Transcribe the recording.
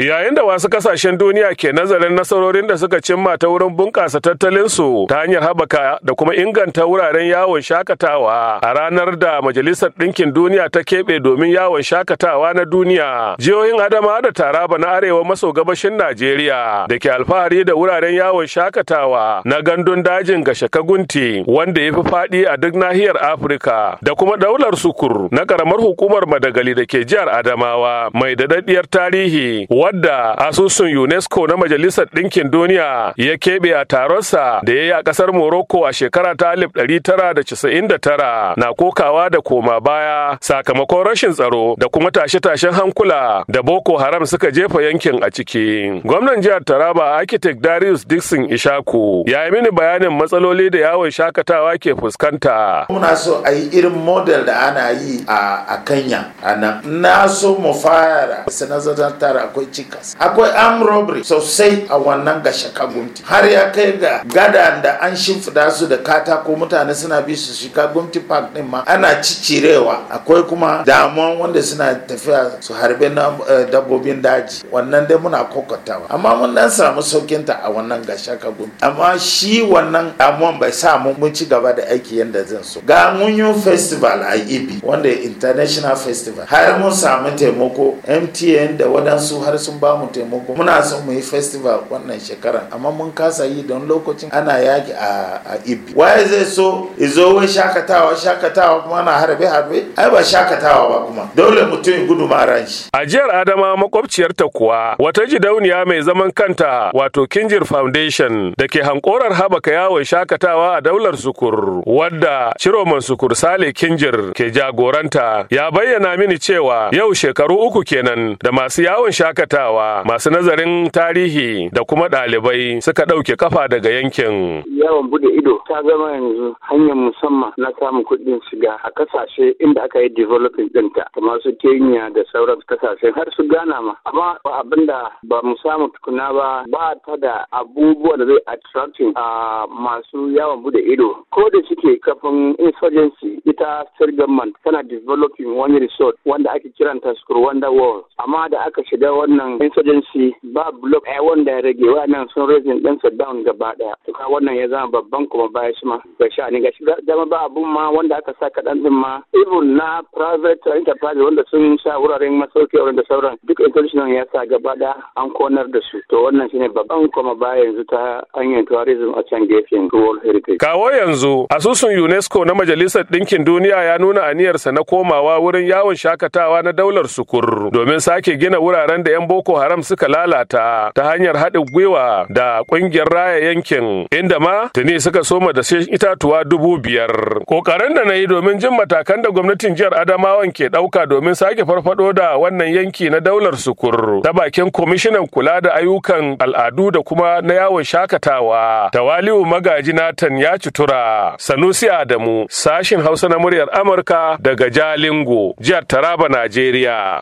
Yayin da wasu kasashen duniya ke nazarin nasarorin da suka cimma ta wurin bunƙasa tattalinsu ta hanyar habaka da kuma inganta wuraren yawon shakatawa a ranar da Majalisar Ɗinkin Duniya ta keɓe domin yawon shakatawa na duniya. Jihohin Adama da Taraba na Arewa maso gabashin Najeriya da ke alfahari da wuraren yawon shakatawa na gandun dajin Gashakagunti wanda ya fi faɗi a duk nahiyar Afirka da kuma daular sukur na ƙaramar hukumar Madagali da ke jihar Adamawa mai daɗaɗɗiyar tarihi. wadda asusun UNESCO na Majalisar Ɗinkin Duniya ya keɓe a taronsa da ya yi a ƙasar Morocco a shekara ta alif ɗari tara da tara na kokawa da koma baya sakamakon rashin tsaro da kuma tashe-tashen hankula da Boko Haram suka jefa yankin a ciki. Gwamnan jihar Taraba Architect Darius Dixon Ishaku ya yi mini bayanin matsaloli da yawon shakatawa ke fuskanta. Muna so a irin model da ana yi a Kenya. Ana na so mu fara sanazar tara akwai cikas akwai arm robbery sosai a wannan gashaka gumti har ya kai ga gada da an shimfida su da katako mutane suna bi su shiga gumti park din ma ana cicirewa akwai kuma damuwan wanda suna tafiya su harbe na eh, dabbobin daji wannan dai muna kokotawa amma mun dan samu saukin ta a wannan gashaka gumti amma shi wannan damuwan bai sa mu mun ci gaba da aiki yanda zan so ga mun festival a ibi wanda international festival har mun samu taimako mtn da wadansu har sun ba mu taimako muna son mu yi festival wannan shekaran amma mun kasa yi don lokacin ana yaki a, a ibi waye zai so izo wai shakatawa shakatawa kuma ana harbe harbe ai ba shakatawa ba kuma dole mutum ya gudu ma ran shi a jihar adama makwabciyarta kuwa wata gidauniya mai zaman kanta wato kinjir foundation da ke hankorar habaka yawon shakatawa a daular sukur wadda ciroman sukur sale kinjir ke jagoranta ya bayyana mini cewa yau shekaru uku kenan da masu yawon shakatawa fafatawa masu nazarin tarihi da kuma ɗalibai suka ɗauke kafa daga yankin. Yawon bude ido ta zama yanzu hanyar musamman na samun kuɗin shiga a kasashe inda aka yi developing ɗinta kamar su Kenya da sauran kasashe har su gana ma. Amma abin da ba mu samu tukuna ba ba ta da abubuwa da zai attracting a masu yawon bude ido. Ko da suke kafin insurgency ita state government tana developing wani resort wanda ake kiranta Skurwanda World. Amma da aka shiga wannan wannan insurgency ba block ɗaya eh, wanda ya rage wannan sun raising su down gaba ɗaya to ka wannan ya zama babban kuma baya shi ma ga ne ga shi dama ba abun ma wanda aka sa kaɗan ɗin ma even na private enterprise wanda sun sha wuraren masauki wurin da sauran duk international ya sa gaba ɗaya an konar da su to wannan shine babban kuma baya yanzu ta hanyar tourism a can gefen world heritage kawo yanzu asusun unesco na majalisar ɗinkin duniya ya nuna aniyarsa na komawa wurin yawon shakatawa na daular sukur domin sake gina wuraren da 'yan Boko Haram suka lalata ta hanyar haɗin gwiwa da ƙungiyar raya yankin inda ma tuni suka soma da itatuwa dubu biyar. Ƙoƙarin da na yi domin jin matakan da gwamnatin jihar Adamawan ke ɗauka domin sake farfaɗo da wannan yanki na daular sukur ta bakin kwamishinan kula da ayyukan al'adu da kuma na yawon shakatawa. Tawaliu Magaji Natan ya citura. Sanusi Adamu, sashin Hausa na muryar Amurka daga Jalingo, jihar Taraba, Najeriya.